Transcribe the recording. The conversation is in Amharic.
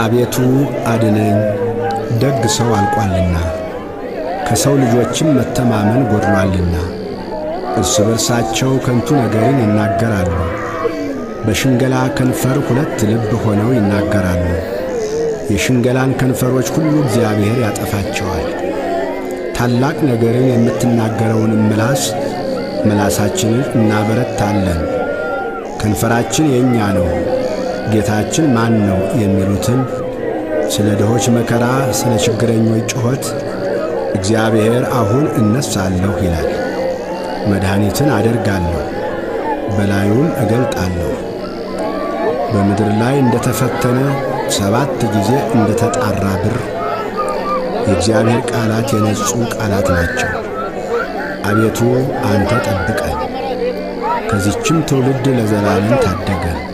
አቤቱ አድነኝ፣ ደግ ሰው አልቋልና፣ ከሰው ልጆችም መተማመን ጎድሏልና። እርስ በርሳቸው ከንቱ ነገርን ይናገራሉ፣ በሽንገላ ከንፈር ሁለት ልብ ሆነው ይናገራሉ። የሽንገላን ከንፈሮች ሁሉ እግዚአብሔር ያጠፋቸዋል። ታላቅ ነገርን የምትናገረውንም ምላስ ምላሳችንን እናበረታለን። ከንፈራችን የእኛ ነው ጌታችን ማን ነው የሚሉትን ስለ ድሆች መከራ፣ ስለ ችግረኞች ጩኸት እግዚአብሔር አሁን እነሳለሁ ይላል። መድኃኒትን አደርጋለሁ፣ በላዩም እገልጣለሁ። በምድር ላይ እንደ ተፈተነ ሰባት ጊዜ እንደ ተጣራ ብር የእግዚአብሔር ቃላት የነጹ ቃላት ናቸው። አቤቱ አንተ ጠብቀን፣ ከዚችም ትውልድ ለዘላለም ታደገን።